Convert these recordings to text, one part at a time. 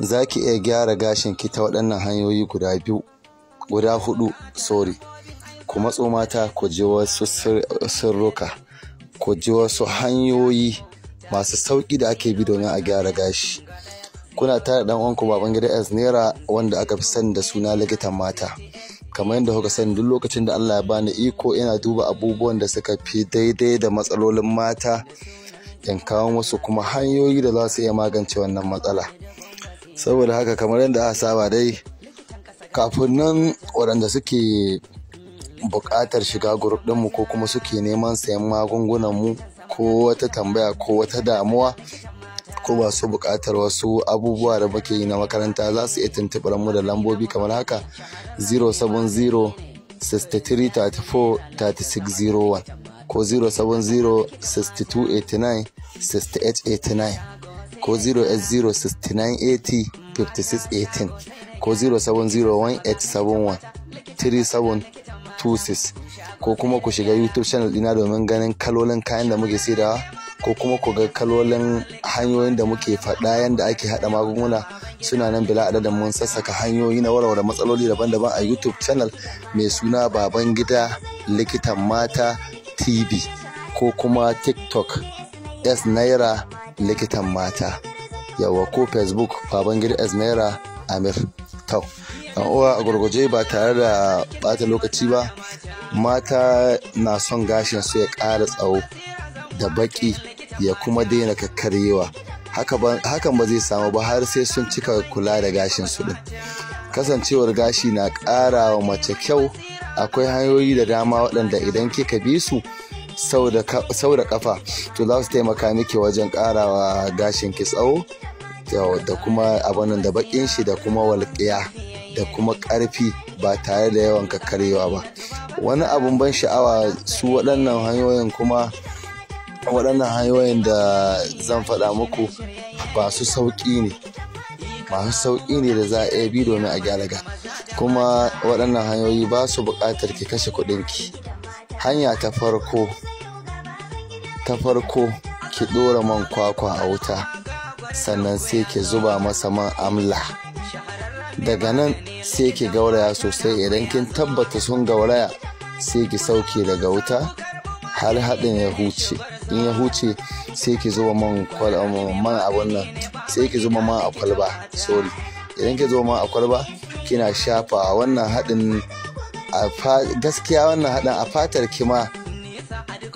za ki iya gyara gashin ki ta waɗannan hanyoyi guda biyu guda hudu sorry ku matso mata ku ji wasu sirruka ku ji wasu hanyoyi masu sauƙi da ake bi domin a gyara gashi kuna tare da uwanku baban gida s naira wanda aka fi sani da suna likitan mata kamar yadda kuka sani duk lokacin da allah ya bani iko ina duba abubuwan da suka fi daidai da matsalolin mata in kawo wasu kuma hanyoyi da za su iya magance wannan matsala saboda haka kamar yadda aka saba dai kafin nan waɗanda suke buƙatar shiga gurup ɗinmu ko kuma suke neman sayan magungunan mu ko wata tambaya ko wata damuwa ko ba su buƙatar wasu abubuwa da muke yi na makaranta za su iya tuntuɓar mu da lambobi kamar haka 070 63 34 6334 ko 070 6289 6889 ko 0 ko 0701871326 ko kuma ku shiga youtube channel dina domin ganin kalolin kayan da muke saidawa ko kuma ku ga kalolin hanyoyin da muke faɗa yadda ake haɗa magunguna suna nan bila da mun sassaka hanyoyi na warware matsaloli daban-daban a youtube channel mai suna baban gida likitan mata tv ko kuma tiktok s naira likitan mata yawa ko facebook babangida esmera amir tau yan uwa a gurguje ba tare da bata lokaci ba mata na son gashin su ya ƙara tsawo da baki ya kuma daina kakkaryewa hakan ba zai samu ba har sai sun cika kula da gashin su din kasancewar gashi na ƙara wa mace kyau akwai hanyoyi da dama waɗanda idan kika bi su sau da kafa to za su taimaka miki wajen karawa gashin ki tsawo da kuma abanin da bakin shi da kuma walƙiya da kuma ƙarfi ba tare da yawan kakkarewa ba wani abun ban sha'awa su waɗannan hanyoyin kuma waɗannan hanyoyin da zan faɗa muku ba su sauƙi ne masu sauƙi ne da za a iya bi domin a gyara ga kuma waɗannan hanyoyi ba su buƙatar ki kashe kuɗinki hanya ta farko ta farko ki ɗora man kwakwa a wuta sannan sai ki zuba masa man amla daga nan sai ki gauraya sosai idan kin tabbata sun gauraya sai ki sauke daga wuta har haɗin ya huce in ya huce sai ki zuba man man abun nan sai ki zuba man a kwalba sorry idan ki zuba man a kwalba kina shafa wannan haɗin gaskiya wannan haɗin a fatar ki ma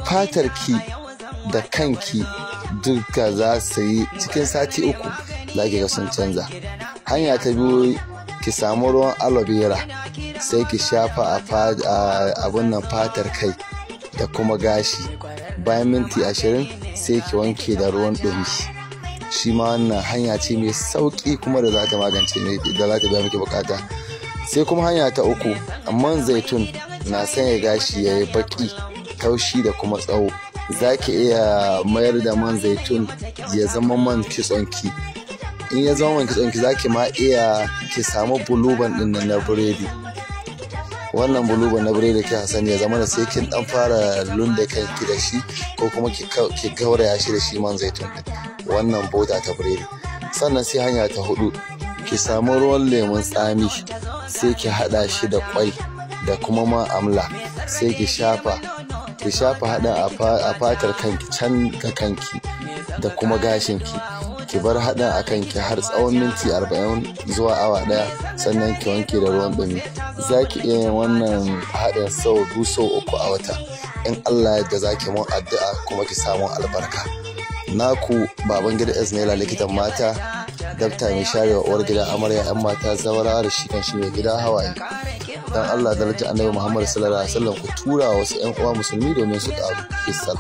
fatar ki da kanki duka za su yi cikin sati uku za ki ga sun canza hanya ta biyu ki samu ruwan aloe vera sai ki shafa a abin nan fatar kai da kuma gashi bayan minti ashirin sai ki wanke da ruwan ɗumi shi ma wannan hanya ce mai sauƙi kuma da za ta magance da za ta biya miki bukata sai kuma hanya ta uku man zaitun na sanya gashi ya yi baki taushi da kuma tsawo za ki iya mayar da man zaitun ya zama man kitsonki in ya zama man kitsonki za ki ma iya ki samu buluban din na biredi wannan buluban na biredi ki hasani ya zama da sai kin dan fara lunda kanki da shi ko kuma ki gauraya shi da shi man zaitun wannan boda ta biredi sannan sai hanya ta hudu ki samu ruwan lemun tsami sai ki haɗa shi da kwai da kuma ma amla sai ki shafa ki shafa haɗin a fatar kanki can ga kanki da kuma gashinki ki bar haɗin a kanki har tsawon minti 40 zuwa awa ɗaya sannan ki wanke da ruwan ɗumi za ki iya yin wannan haɗin sau biyu sau uku a wata in allah yadda za ki mun addu'a kuma ki samu albarka naku baban gida likitan mata dakta mai sharewa uwar gida amarya yan mata zawarawa da shi kan shi mai gida hawaye dan Allah daraja annabi Muhammad sallallahu alaihi wasallam ku tura wasu yan uwa musulmi domin su ƙaru isa